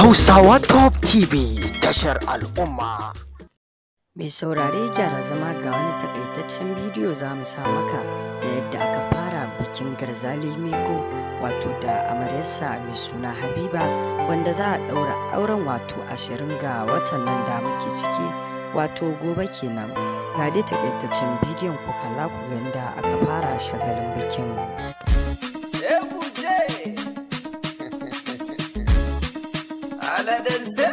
Hausawa Top TV tashar al'umma. Mai saurare gyara zama ga wani takaitaccen bidiyo za mu sa maka na yadda aka fara bikin garzali meko wato da amaryarsa mai suna Habiba wanda za a ɗaura auren wato ashirin ga watan nan da muke ciki wato gobe kenan. Ga dai takaitaccen bidiyon ku kalla ku aka fara shagalin bikin. Let's go.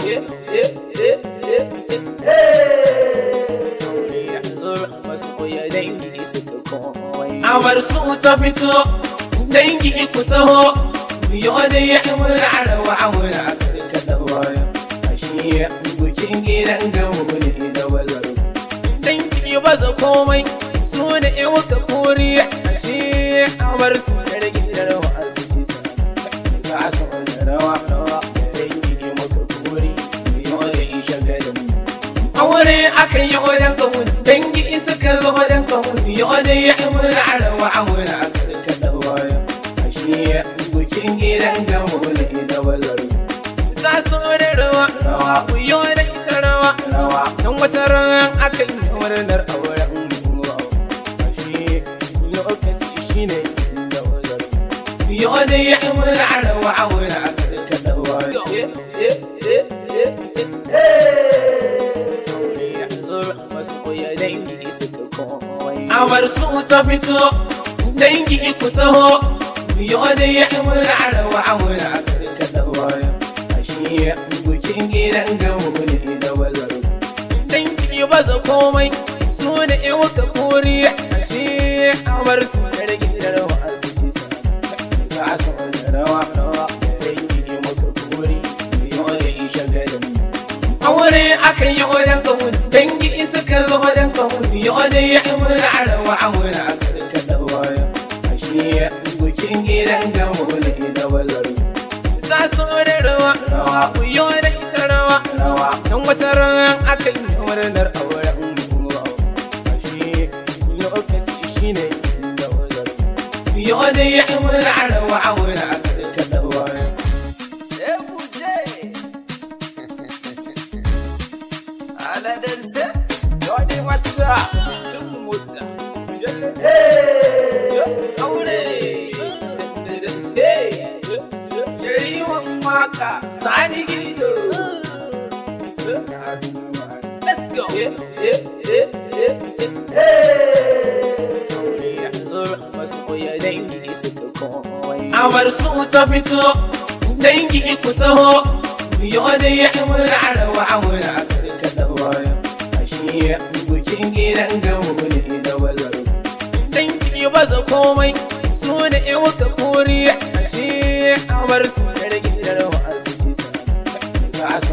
Yeah, yeah, yeah, yeah. Hey. iya bikin gidan gamu ne da bazaru dan ki baza komai su da yawa ka koriya ashe amar su da gidan wa asiki sa za su da rawa rawa dan ki maka kori yo da isha ga da mu aure akan yi odan gamu dan ki suka zo odan gamu yo da ya rawa arawa amura akan da waya ashe bikin gidan gamu ku yo da ita rawa don wata ran akan yi murnar auren ashe lokaci shine da wazar ku yo da ya murna rawa auren akan ka dawa a bar su ta fito dangi ku taho ku yo da ya murna rawa auren akan ka dawa ashe cikin gidan gamu ne da bazar dangi baza komai su da ka koriya a shi a bar su da rage da rawa a su kisa za su da rawa rawa dangi ne muka kori biyo da isha garin aure akan yi wajen kamun dangi isa ka zo odan kamun biyo da ya imura a rawa a wuri a karkar da waya a shi bikin gidan gamu ne da bazar za su da rawa rawa rawa don wata ran aka yi murnar auren ruwa ashe lokaci shine da wazar yo da ya murna rawa auren aka rika dawa Aladansa, Dodi Watsa, Duk Motsa, Jalle, Aure, Dandansa, Yariwan Maka, Sani Gini. Let's go. Yeah, yeah, yeah, yeah. dangi suka komai. Awar su ta fito, dangi iku taho. Yau da ya amura rawa amura karkata waya. Ashe bikin gidan gamu ne da bazar. Dangi baza komai, su da iwuka koriya. Ashe awar su da gidan wa'azu bisa. Za su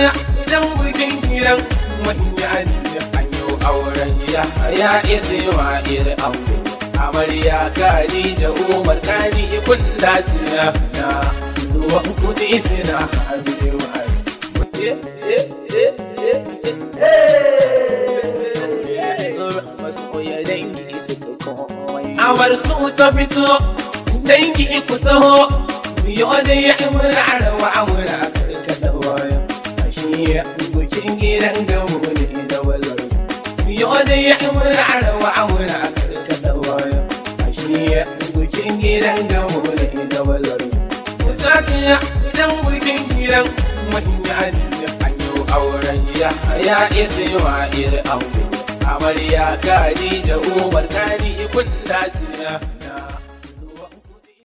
amarya idan bikin gidan manya aliya an yi auren ya ya isa wa iri abu amarya kari da umar kari kun dace na zuwan kudi suna eh, eh, eh, a Awar su ta fito dangi iku taho, yau da ya imra rawa a gidan gamu ne da wazaru yau ya muna gidan gamu ne da wazaru da safiya gidan auren ya wa iri aure amarya kaji da umar kaji kulla tiya